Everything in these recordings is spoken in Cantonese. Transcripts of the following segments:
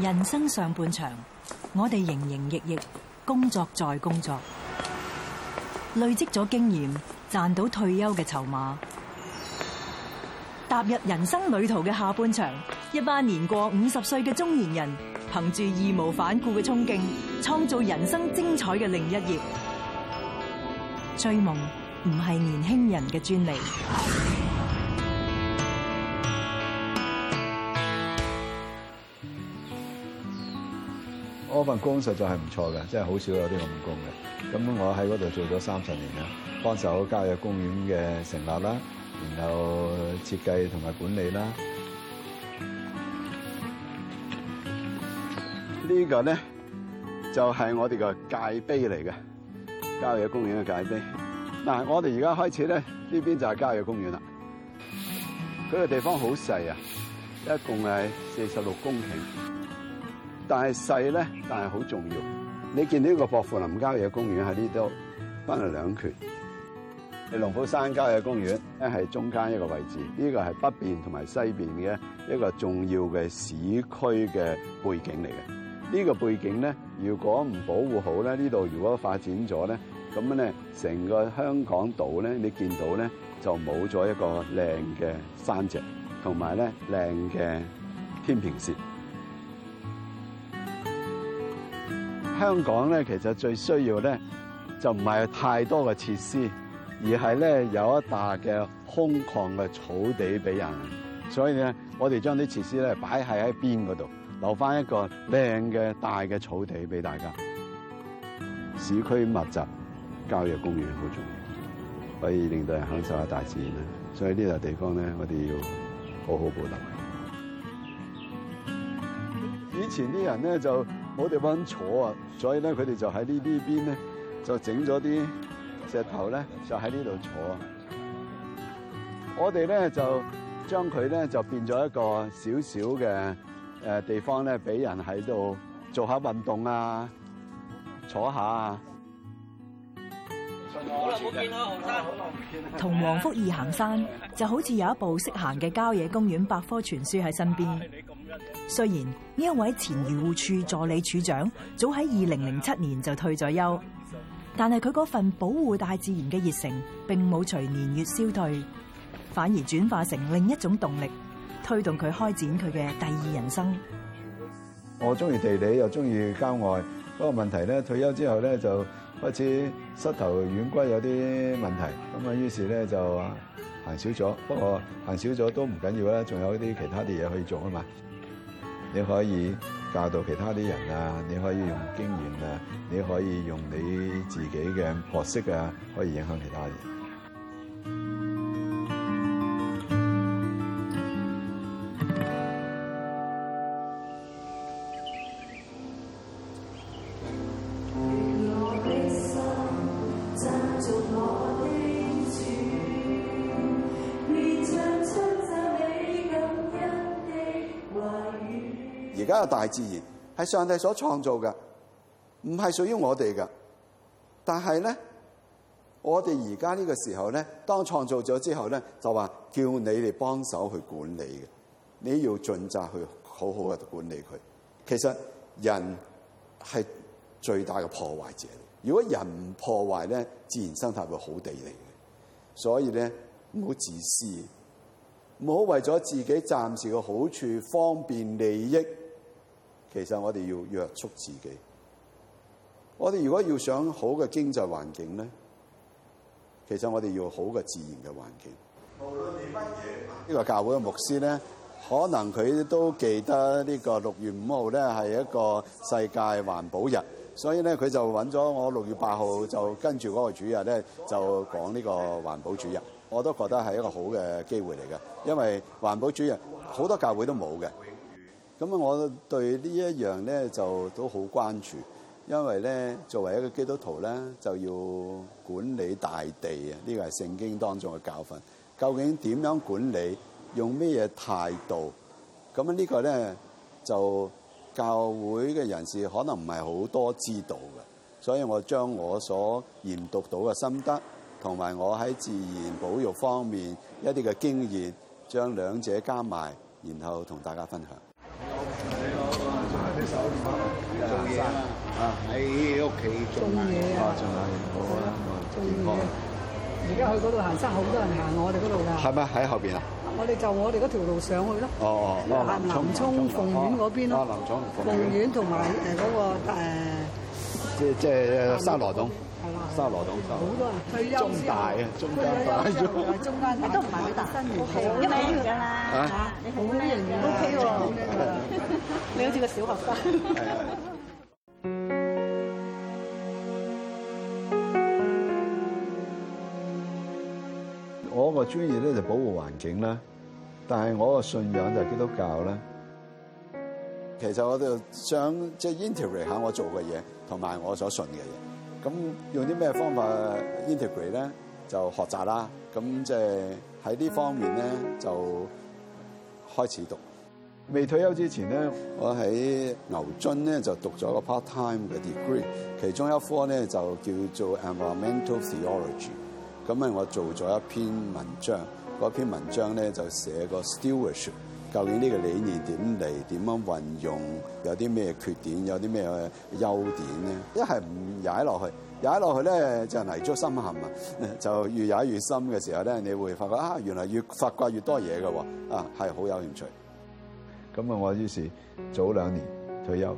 人生上半場，我哋營營役役，工作再工作，累積咗經驗，賺到退休嘅籌碼。踏入人生旅途嘅下半場，一班年過五十歲嘅中年人，憑住義無反顧嘅衝勁，創造人生精彩嘅另一頁。追夢唔係年輕人嘅專利。嗰份工實在係唔錯嘅，真係好少有啲咁工嘅。咁我喺嗰度做咗三十年啦，幫手郊野公園嘅成立啦，然後設計同埋管理啦。這個呢個咧就係、是、我哋個界碑嚟嘅郊野公園嘅界碑。嗱，我哋而家開始咧，呢邊就係郊野公園啦。佢個地方好細啊，一共係四十六公頃。但大細咧，但係好重要。你見到一個薄扶林郊野公園喺呢度，分為兩拳。龍虎山郊野公園咧係中間一個位置，呢個係北邊同埋西邊嘅一個重要嘅市區嘅背景嚟嘅。呢個背景咧，如果唔保護好咧，呢度如果發展咗咧，咁咧成個香港島咧，你見到咧就冇咗一個靚嘅山脊，同埋咧靚嘅天平線。香港咧，其實最需要咧，就唔係太多嘅設施，而係咧有一笪嘅空曠嘅草地俾人。所以咧，我哋將啲設施咧擺喺一邊嗰度，留返一個靚嘅大嘅草地俾大家。市區密集，郊野公園好重要，可以令到人享受下大自然啦。所以呢笪地方咧，我哋要好好保留。以前啲人咧就。我哋搵坐啊，所以咧佢哋就喺呢呢邊咧，就整咗啲石頭咧，就喺呢度坐。我哋咧就將佢咧就變咗一個小小嘅誒地方咧，俾人喺度做下運動啊，坐下啊。好耐冇見啦，後生。同王福義行山，就好似有一部識行嘅郊野公園百科全書喺身邊。雖然呢一位前漁護署助理署長早喺二零零七年就退咗休，但係佢嗰份保護大自然嘅熱誠，並冇隨年月消退，反而轉化成另一種動力，推動佢開展佢嘅第二人生。我中意地理又中意郊外，不過問題咧，退休之後咧，就開始膝頭軟骨有啲問題，咁啊，於是咧就行少咗。不過行少咗都唔緊要啦，仲有啲其他啲嘢可以做啊嘛。你可以教導其他啲人啊，你可以用經驗啊，你可以用你自己嘅學識啊，可以影響其他人。而家係大自然，係上帝所創造嘅，唔係屬於我哋嘅。但係咧，我哋而家呢個時候咧，當創造咗之後咧，就話叫你哋幫手去管理嘅，你要盡責去好好嘅管理佢。其實人係最大嘅破壞者。如果人唔破壞咧，自然生態會好地利嘅。所以咧，唔好自私，唔好為咗自己暫時嘅好處、方便、利益。其實我哋要約束自己。我哋如果要想好嘅經濟環境咧，其實我哋要好嘅自然嘅環境。呢個教會嘅牧師咧，可能佢都記得個呢個六月五號咧，係一個世界環保日，所以咧，佢就揾咗我六月八號就跟住嗰個主日咧，就講呢個環保主日。我都覺得係一個好嘅機會嚟嘅，因為環保主日好多教會都冇嘅。咁我對呢一樣呢就都好關注，因為呢作為一個基督徒呢，就要管理大地啊。呢個係聖經當中嘅教訓。究竟點樣管理？用咩嘢態度？咁呢個呢就教會嘅人士可能唔係好多知道嘅，所以我將我所研讀到嘅心得，同埋我喺自然保育方面一啲嘅經驗，將兩者加埋，然後同大家分享。做嘢啊！啊，喺屋企做嘢啊，仲係做嘢。而家去嗰度行山，好多人都行我哋嗰度噶。係咪喺後邊啊？我哋就我哋嗰條路上去咯。哦哦哦，南涌鳳苑嗰邊咯。啊，南涌鳳苑同埋誒嗰個誒，即即沙羅洞。沙羅島就，好多人退休大啊，退休大中間，都唔係好特登嘅，因為而家啦嚇，好型啊，OK，你好似個小學生 對對對。我個專業咧就保護環境啦，但係我個信仰就基督教啦。 其實我就想即係、就是、integrate 下我做嘅嘢同埋我所信嘅嘢。咁用啲咩方法 integrate 咧？就學習啦。咁即係喺呢方面咧，就開始讀。未退休之前咧，我喺牛津咧就讀咗個 part time 嘅 degree，其中一科咧就叫做 environmental theology。咁啊，我做咗一篇文章，嗰篇文章咧就寫個 stewardship。究竟呢個理念點嚟？點樣運用？有啲咩缺點？有啲咩優點咧？一係唔踩落去，踩落去咧就泥足深陷啊！就越踩越深嘅時候咧，你會發覺啊，原來越發掘越多嘢嘅喎啊，係好有興趣。咁啊，我於是早兩年退休，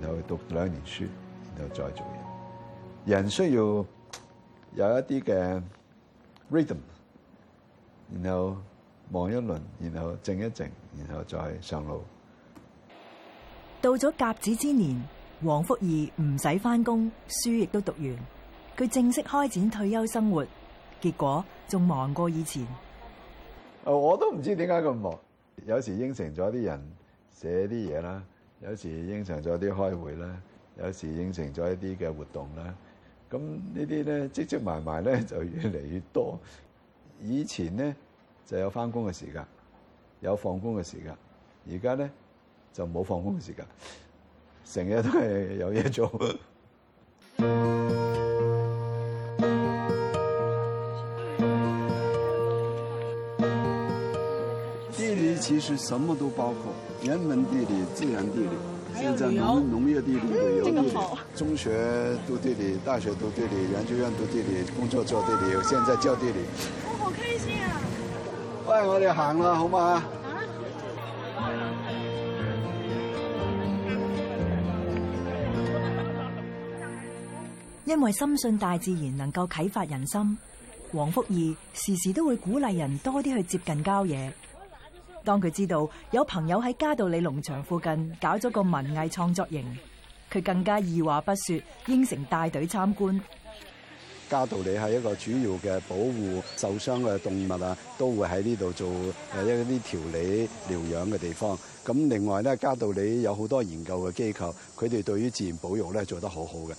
然後讀兩年書，然後再做嘢。人需要有一啲嘅 rhythm，然後。望一輪，然後靜一靜，然後再上路。到咗甲子之年，王福義唔使返工，書亦都讀完，佢正式開展退休生活。結果仲忙過以前。我都唔知點解咁忙，有時應承咗啲人寫啲嘢啦，有時應承咗啲開會啦，有時應承咗一啲嘅活動啦。咁呢啲咧，積積埋埋咧就越嚟越多。以前咧，就有返工嘅時間，有放工嘅時間。而家咧就冇放工嘅時間，成日都係有嘢做。地理其實什麼都包括，人文地理、自然地理。現在農農業地理都有地理，中學讀地理，大學讀地理，研究院讀地理，工作做地理，現在教地理。我、哦哦、好開心啊！喂，我哋行啦，好嘛？因為深信大自然能夠啟發人心，王福義時時都會鼓勵人多啲去接近郊野。當佢知道有朋友喺嘉道理農場附近搞咗個文藝創作營，佢更加二話不說，應承帶隊參觀。加道里係一個主要嘅保護受傷嘅動物啊，都會喺呢度做誒一啲調理療養嘅地方。咁另外咧，加道里有好多研究嘅機構，佢哋對於自然保育咧做得好好嘅。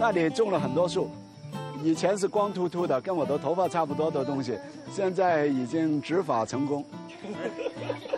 那裏種了很多樹，以前是光禿禿的，跟我的頭髮差不多的東西，現在已經植髮成功。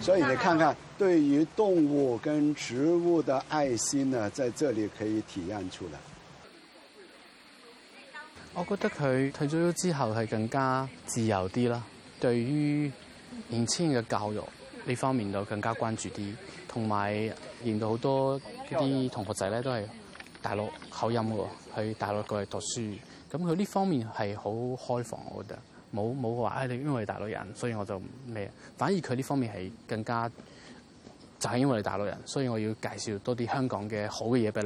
所以你看看，對於動物跟植物的愛心呢，在這裏可以體現出來。我覺得佢退咗休之後係更加自由啲啦。對於年輕人嘅教育呢方面就更加關注啲，同埋見到好多啲同學仔咧都係大陸口音去大陸過去讀書。咁佢呢方面係好開放，我覺得。冇冇話，唉！因為我大陸人，所以我就咩？反而佢呢方面係更加，就係、是、因為你大陸人，所以我要介紹多啲香港嘅好嘅嘢俾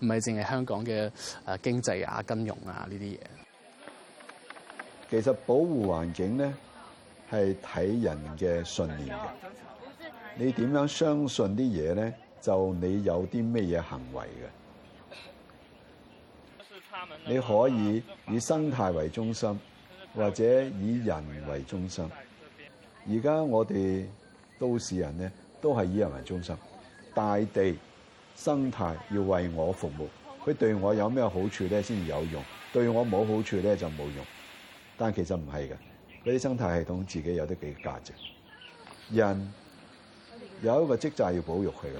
你，唔係淨係香港嘅誒經濟啊、金融啊呢啲嘢。其實保護環境咧，係睇人嘅信念嘅。你點樣相信啲嘢咧？就你有啲咩嘢行為嘅。你可以以生態為中心。或者以人為中心，而家我哋都市人咧都係以人為中心。大地生態要為我服務，佢對我有咩好處咧先至有用，對我冇好處咧就冇用。但其實唔係嘅，佢啲生態系統自己有啲幾價值。人有一個職責要保育佢嘅，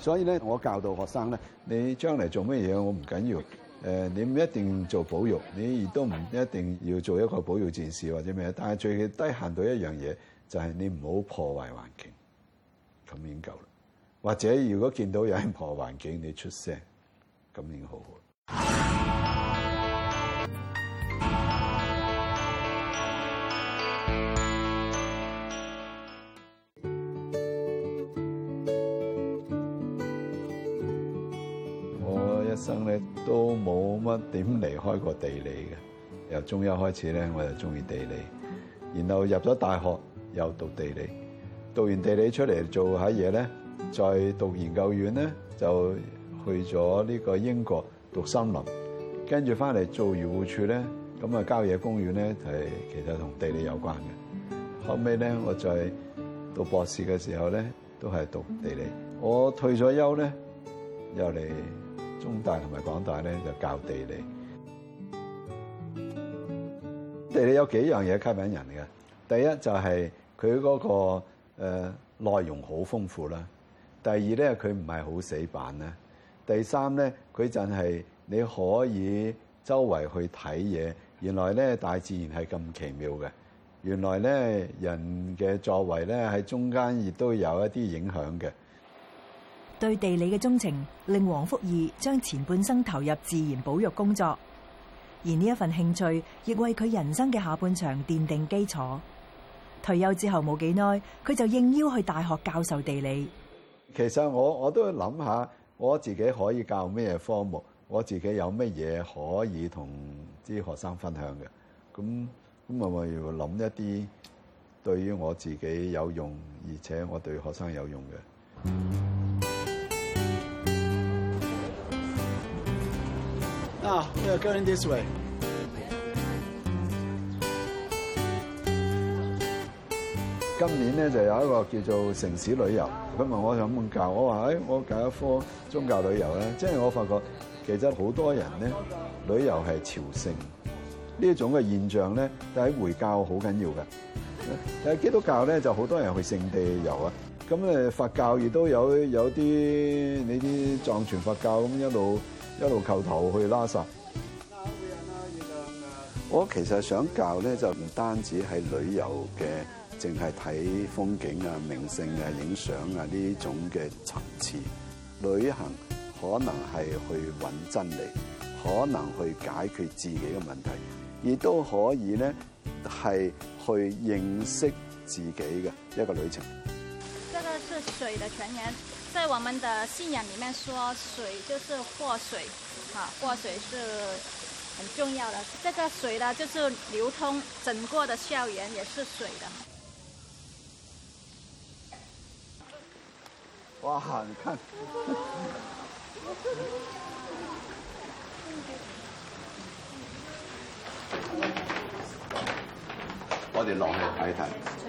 所以咧我教導學生咧，你將嚟做乜嘢我唔緊要，要。誒，你唔一定要做保育，你亦都唔一定要做一個保育戰士或者咩，但係最低限度的一樣嘢就係、是、你唔好破壞環境，咁已經夠啦。或者如果見到有人破壞環境，你出聲，咁已經好好。一生咧都冇乜點離開過地理嘅，由中一開始咧我就中意地理，然後入咗大學又讀地理，讀完地理出嚟做下嘢咧，再讀研究院咧就去咗呢個英國讀森林，跟住翻嚟做漁護處咧，咁啊郊野公園咧就係其實同地理有關嘅，後尾咧我再讀博士嘅時候咧都係讀地理，我退咗休咧又嚟。中大同埋港大咧就教地理，地理有幾樣嘢吸引人嘅。第一就係佢嗰個誒、呃、內容好豐富啦。第二咧佢唔係好死板咧。第三咧佢就係你可以周圍去睇嘢，原來咧大自然係咁奇妙嘅。原來咧人嘅作為咧喺中間亦都有一啲影響嘅。對地理嘅鍾情，令王福義將前半生投入自然保育工作，而呢一份興趣亦為佢人生嘅下半場奠定基礎。退休之後冇幾耐，佢就應邀去大學教授地理。其實我我都諗下，我自己可以教咩科目，我自己有咩嘢可以同啲學生分享嘅。咁咁我咪要諗一啲對於我自己有用，而且我對學生有用嘅。啊，我哋行呢啲路。今年咧就有一個叫做城市旅遊。佢問我有冇教，我話誒，我教一科宗教旅遊咧。即係我發覺，其實好多人咧，旅遊係朝聖呢一種嘅現象咧，但係回教好緊要嘅。但係基督教咧就好多人去聖地遊啊。咁咧佛教亦都有有啲，你啲藏傳佛教咁一路。一路叩頭去拉薩。我其實想教咧，就唔單止係旅遊嘅，淨係睇風景啊、名勝啊、影相啊呢種嘅層次。旅行可能係去揾真理，可能去解決自己嘅問題，亦都可以咧係去認識自己嘅一個旅程。呢個是水的全年。在我們的信仰裏面說，水就是活水，啊，活水是很重要的。這個水呢，就是流通整個的校園，也是水的。哇，你看。 我哋落去睇睇。一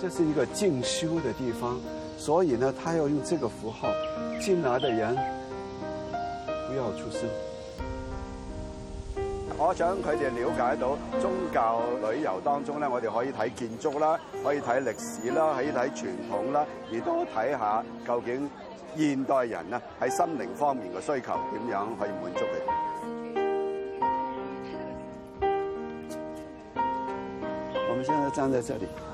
這是一個靜修的地方，所以呢，他要用這個符號。進來的人不要出聲。我想，佢哋了解到宗教旅遊當中咧，我哋可以睇建築啦，可以睇歷史啦，可以睇傳統啦，亦都睇下究竟現代人啊喺心靈方面嘅需求點樣可以滿足佢。我們現在站在這裏。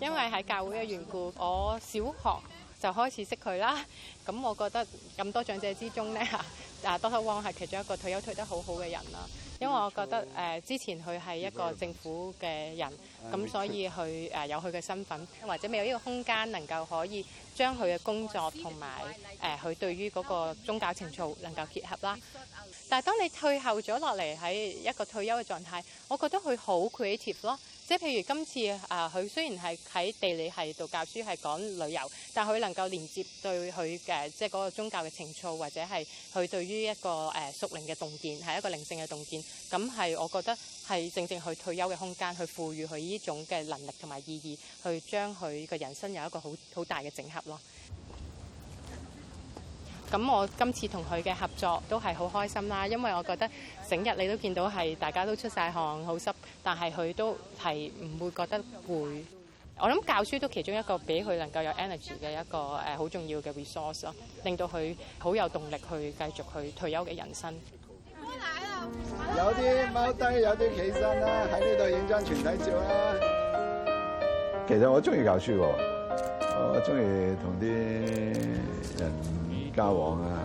因為喺教會嘅緣故，我小學就開始識佢啦。咁我覺得咁多長者之中咧，啊，Doctor Wong 係其中一個退休退得好好嘅人啦。因為我覺得誒、呃、之前佢係一個政府嘅人，咁所以佢誒、呃、有佢嘅身份，或者未有呢個空間能夠可以將佢嘅工作同埋誒佢對於嗰個宗教情操能夠結合啦。但係當你退後咗落嚟喺一個退休嘅狀態，我覺得佢好 creative 咯。即譬如今次啊，佢雖然係喺地理係度教書，係講旅遊，但佢能夠連接對佢嘅即係個宗教嘅情操，或者係佢對於一個誒屬靈嘅洞見，係、啊、一個靈性嘅洞見，咁係我覺得係正正佢退休嘅空間去賦予佢呢種嘅能力同埋意義，去將佢嘅人生有一個好好大嘅整合咯。咁我今次同佢嘅合作都係好開心啦，因為我覺得整日你都見到係大家都出晒汗好濕，但係佢都係唔會覺得攰。我諗教書都其中一個俾佢能夠有 energy 嘅一個誒好重要嘅 resource 咯，令到佢好有動力去繼續去退休嘅人生。有啲踎低，有啲企身啦，喺呢度影張全體照啦、啊。其實我中意教書喎、哦。我中意同啲人交往啊，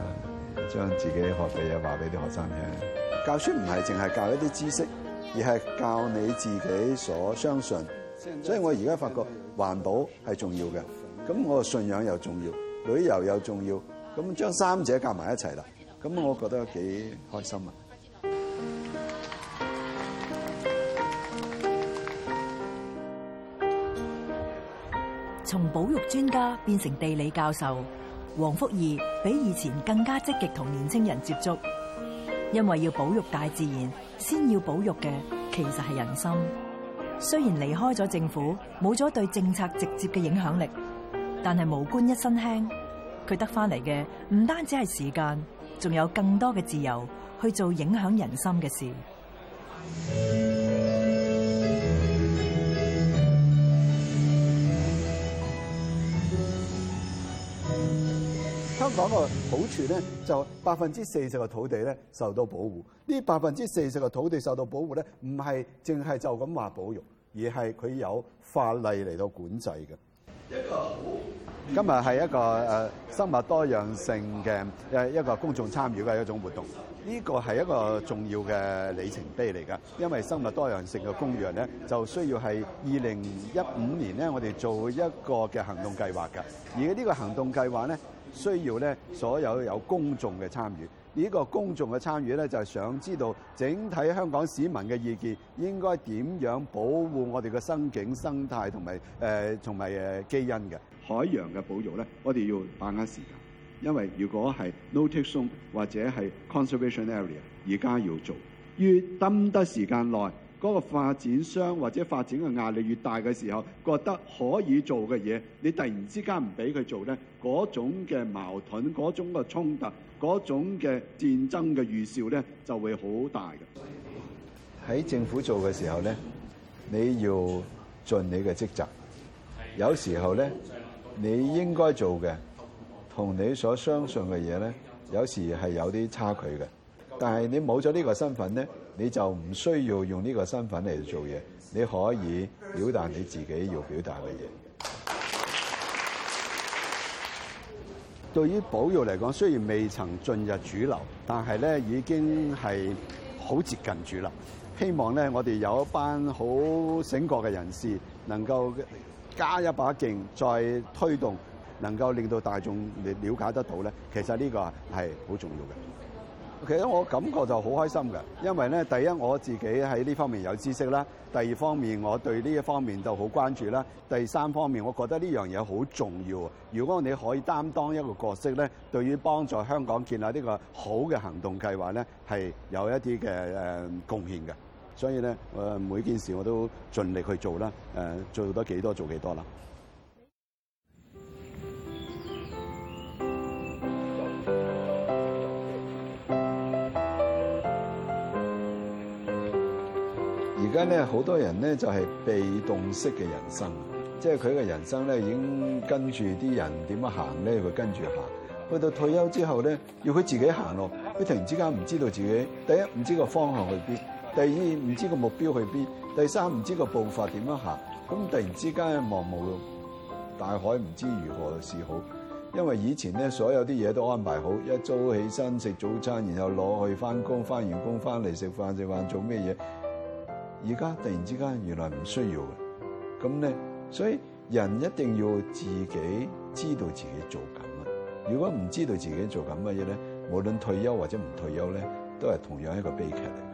將自己學嘅嘢話俾啲學生聽啊。教書唔係淨係教一啲知識，而係教你自己所相信。所以我而家發覺環保係重要嘅，咁我嘅信仰又重要，旅遊又重要，咁將三者夾埋一齊啦，咁我覺得幾開心啊！從保育專家變成地理教授，王福義比以前更加積極同年青人接觸，因為要保育大自然，先要保育嘅其實係人心。雖然離開咗政府，冇咗對政策直接嘅影響力，但係無官一身輕，佢得返嚟嘅唔單止係時間，仲有更多嘅自由去做影響人心嘅事。香港個好處咧，就百分之四十嘅土地咧受到保護。呢百分之四十嘅土地受到保護咧，唔係淨係就咁話保育，而係佢有法例嚟到管制嘅。今日係一個誒生物多樣性嘅誒一個公眾參與嘅一種活動。呢個係一個重要嘅里程碑嚟噶，因為生物多樣性嘅公約咧就需要係二零一五年咧，我哋做一個嘅行動計劃噶。而呢個行動計劃咧。需要咧，所有有公眾嘅參與，呢個公眾嘅參與咧，就係想知道整體香港市民嘅意見，應該點樣保護我哋嘅生境、生態同埋誒同埋誒基因嘅海洋嘅保育咧。我哋要把握時間，因為如果係 no take zone 或者係 conservation area，而家要做，越抌得時間耐。嗰個發展商或者發展嘅壓力越大嘅時候，覺得可以做嘅嘢，你突然之間唔俾佢做咧，嗰種嘅矛盾、嗰種嘅衝突、嗰種嘅戰爭嘅預兆咧，就會好大嘅。喺政府做嘅時候咧，你要盡你嘅職責。有時候咧，你應該做嘅同你所相信嘅嘢咧，有時係有啲差距嘅。但係你冇咗呢個身份咧。你就唔需要用呢個身份嚟做嘢。你可以表達你自己要表達嘅嘢。對於保育嚟講，雖然未曾進入主流，但係咧已經係好接近主流。希望咧，我哋有一班好醒覺嘅人士，能夠加一把勁再推動，能夠令到大眾了解得到咧。其實呢個係好重要嘅。其實、okay，我感覺就好開心嘅，因為咧第一我自己喺呢方面有知識啦，第二方面我對呢一方面就好關注啦，第三方面我覺得呢樣嘢好重要。如果你可以擔當一個角色咧，對於幫助香港建立呢個好嘅行動計劃咧，係有一啲嘅誒貢獻嘅。所以咧，誒每件事我都盡力去做啦，做到幾多做幾多啦。而家咧，好多人咧就係、是、被動式嘅人生，即係佢嘅人生咧已經跟住啲人點樣行咧，佢跟住行。去到退休之後咧，要佢自己行咯。佢突然之間唔知道自己第一唔知個方向去邊，第二唔知個目標去邊，第三唔知個步伐點樣行。咁突然之間茫無大海，唔知如何去是好。因為以前咧，所有啲嘢都安排好，一早起身食早餐，然後攞去返工，返完工返嚟食飯，食飯做咩嘢？而家突然之間原來唔需要嘅，咁咧，所以人一定要自己知道自己做緊乜。如果唔知道自己做緊乜嘢咧，無論退休或者唔退休咧，都係同樣一個悲劇嚟。